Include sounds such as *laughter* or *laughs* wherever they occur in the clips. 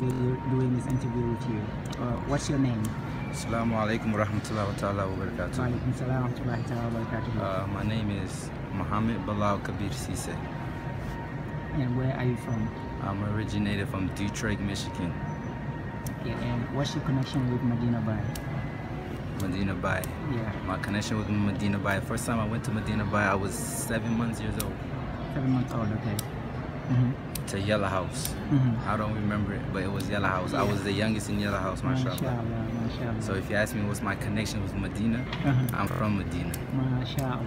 doing this interview with you. Uh, what's your name? Assalamu alaikum wa rahmatullahi ta'ala wa barakatuh. Wa alaikum salam wa rahmatullahi ta'ala wa barakatuh. Uh, my name is Mohammed Bilal Kabir Sise. And where are you from? I'm originated from Detroit, Michigan. Yeah, and what's your connection with Medina Bay? Medina Bay. Yeah. My connection with Medina Bay. First time I went to Medina Bay, I was seven months years old. Seven months old, okay. Mm -hmm. to Yellow House. Mm-hmm. I don't remember it, but it was Yellow House. Yeah. I was the youngest in Yellow House, mashallah. mashallah, mashallah. So if you ask me what's my connection with Medina, uh-huh. I'm from Medina. Mashallah,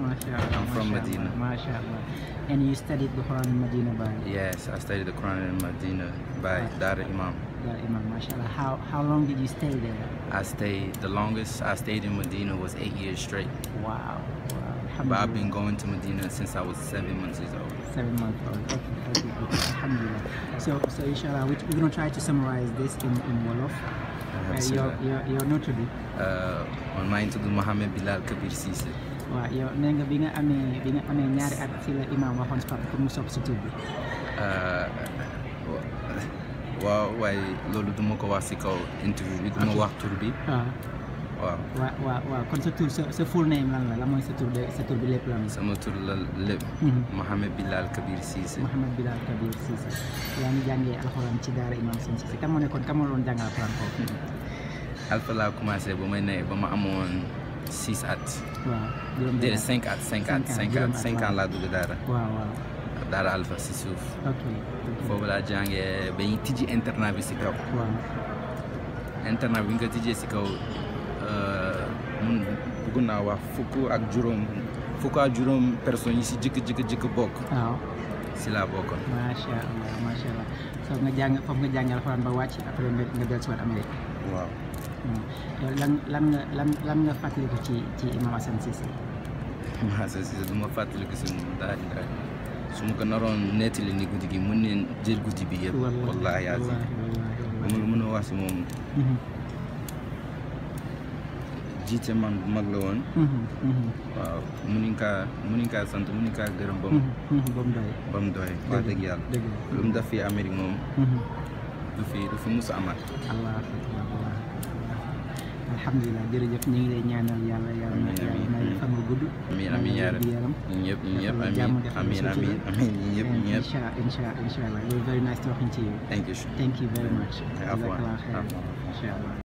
mashallah. I'm from mashallah, Medina. Mashallah. And you studied the Quran in Medina by? Yes, I studied the Quran in Medina by Dar Imam. Dar Imam, mashallah. How, how long did you stay there? I stayed, the longest I stayed in Medina was eight years straight. Wow. wow. But I've been going to Medina since I was seven months old. Seven months old. Okay, okay, okay. Alhamdulillah. So, so inshallah, we, we're going to try to summarize this in, in Wolof. Uh, your, your, your notary. Uh, on mine to do Mohammed Bilal Kabir Sise. waaw yow nee nga bi nga amee bi nga amee ñaari at ci la imam waxoon si papa pour mu sopp si tur bi. Uh, waaw waaye loolu du ma ko wax si kaw interview bi du ma wax tur bi. Ah. waaw. waaw waaw waaw kon sa tur sa sa full name lan la la mooy sa tur bi lépp lan la. sama tur la lépp. Mhm. Mohamed Bilal Kabir Cissé. Mohamed Bilal Kabir Cissé. yaa ngi jàngee alxuraan ci daara Imam Sène Cissé kan moo nekkoon alxuraan foofu. *laughs* alfa laa commencé ba may ne ba ma amoon six at. waaw juróom benn cinq cinq at cinq at cinq ans laa daara. alfa si suuf. ok foofu laa jàngee ba ñu tijji internat bi si kaw. internat bi ñu ko tijjee si kaw. mun mm. bëgg naa wax fukk ak juróom fukk ak juróom personnes yi si jëkk jëkk jëkk bokk. waaw si laa bokkoon. macha allah macha nga jàng foofu nga jàngal alxuraan ba wàcc après nga nga dellusiwaat Amérique. waaw. Mm. lan lan nga *laughs* si moom daal su ma ko naroon nettali ni guddi gi mën neen jël guddi bi yëpp. wallaahi azim amul mën a wax si moom. Mm-hmm. man bu mag la woon mhm, mhm. waaw mu munuñ kaa munuñ kaa sant mu ni kaa gërëm mhm, ba mu doy ba mu doy wax dëgg yàlla lu mu def fii Amérique moom du fi du fi mus a amaat alhamdulilah jërëjëf ñu ngi lay ñaanal yàlla yàlla na yàlla may fan bu gudd amiin amiin yaa rabbi yaram ñëpp ñëpp amiin amiin amiin ñëpp ñëpp insha insha insha allah very nice talking to you thank thank you very